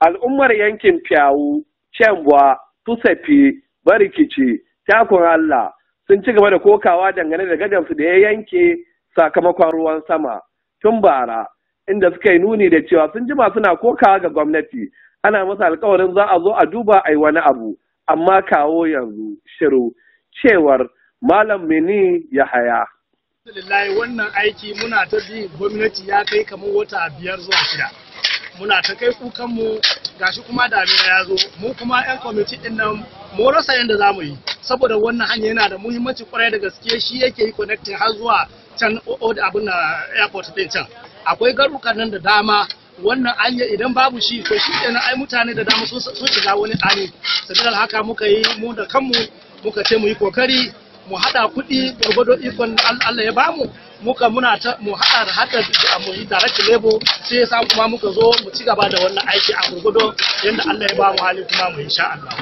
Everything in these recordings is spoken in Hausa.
al'ummar yankin Fiyawu, Cembwa, Tusafi, Barikici, Takun Allah sun ci gaba da kokawa dangane da gadansu da ya yanke sakamakon ruwan sama tun bara inda suka yi nuni da cewa sun jima suna kokawa ga gwamnati ana masa alkawarin za a zo a duba a yi wani abu amma kawo yanzu shiru cewar malam mini ya haya. wannan aiki muna ta bi gwamnati ya kai kamar wata biyar zuwa shida. muna ta kai kukanmu gashi kuma damina ya zo mu kuma 'yan kwamiti din nan mu rasa yadda za mu yi saboda wannan hanya yana da muhimmanci kwarai da gaske shi yake yi connecting har zuwa can abin na airport din can akwai garuka nan da dama wannan anya idan babu shi to shi kenan ai mutane da dama sun shiga wani tsani sabidan haka muka yi mu da kanmu muka ce mu yi kokari mu haɗa kuɗi gwargwado ikon Allah ya bamu muka muna ta mu hada da haka mu yi direct labor sai ya samu kuma muka zo mu ci gaba da wannan aiki a gurgudo yadda Allah ya ba mu hali kuma mu insha Allah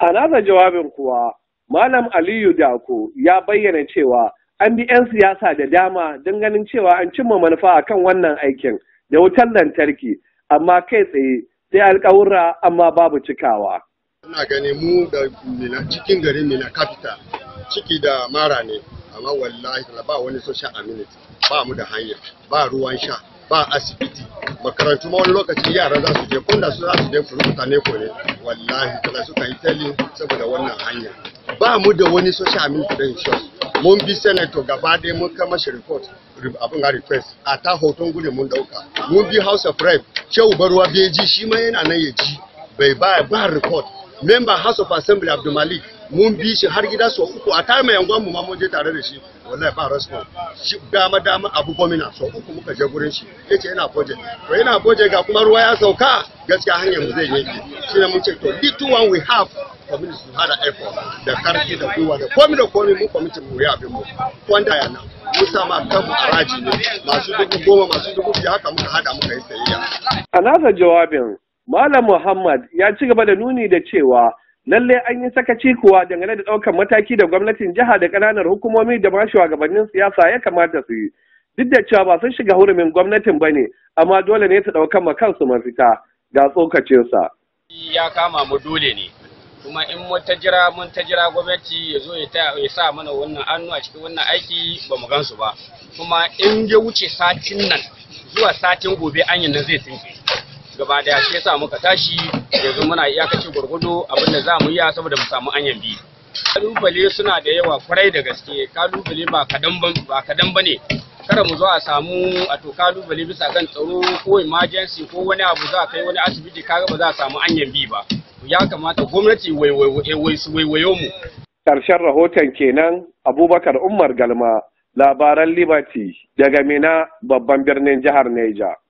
a nasa jawabin kuwa malam Aliyu Dako ya bayyana cewa an bi 'yan siyasa da dama don ganin cewa an cimma manufa akan wannan aikin da wutar lantarki amma kai tsaye sai alkawura amma babu cikawa. Ina gani mu da cikin garin Mina Capital ciki da mara ne amma wallahi ba wani social amenity ba mu da hanya ba ruwan sha ba asibiti makarantu ma wani lokaci yara za su je kunda su za su je furuta ne ko ne wallahi tana su yi tali saboda wannan hanya ba mu da wani social amenity da insurance mun bi senator gaba ɗaya mun kama shi report abin ga request a ta hoton gudun mun dauka mun bi house of rep shehu baruwa bai ji shi ma yana nan ya ji bai ba ba report member house of assembly abdulmalik mun bi shi har gida sau uku a tare mai yangon mu ma mun je tare da shi wallahi ba rasko shi dama dama abu gomina sau uku muka je gurin shi yace yana goje to yana goje ga kuma ruwa ya sauka gaskiya hanyar mu zai yanke shi ne mun ce to two one we have community su hada effort da karfi da gwiwa da komi da komi mu kwamitin mu ya abin mu wanda ya nan musa ma kanmu haraji ne masu dubu goma masu dubu biyu haka muka hada muka yi sayayya. a nasa jawabin malam muhammad ya ci gaba da nuni da cewa lalle an yi sakaci kuwa dangane da ɗaukan mataki da gwamnatin jiha da ƙananan hukumomi da ma shugabannin siyasa ya kamata su yi duk da cewa ba sun shiga hurumin gwamnatin ba ne amma dole ne ta ɗaukan ma kansu mafita ga tsokacinsa. ya kama mu dole ne kuma in mun ta jira mun ta jira gwamnati ya zo ya sa mana wannan hannu a cikin wannan aiki ba mu gansu ba kuma in ya wuce satin nan zuwa satin gobe yi nan zai tsinke gaba da ya sa muka tashi yanzu muna iyakacin gwargwado abin da za mu yi saboda mu samu anyan bi kalubale suna da yawa kwarai da gaske kalubale ba kadan ba ne kada mu zo a samu a to kalubale bisa kan tsaro ko emergency ko wani abu za kai wani asibiti kaga ba za a samu anyan bi ba ya kamata gwamnati waiwayo mu karshen rahoton kenan abubakar umar galma labaran liberty daga mina babban birnin jihar Neja.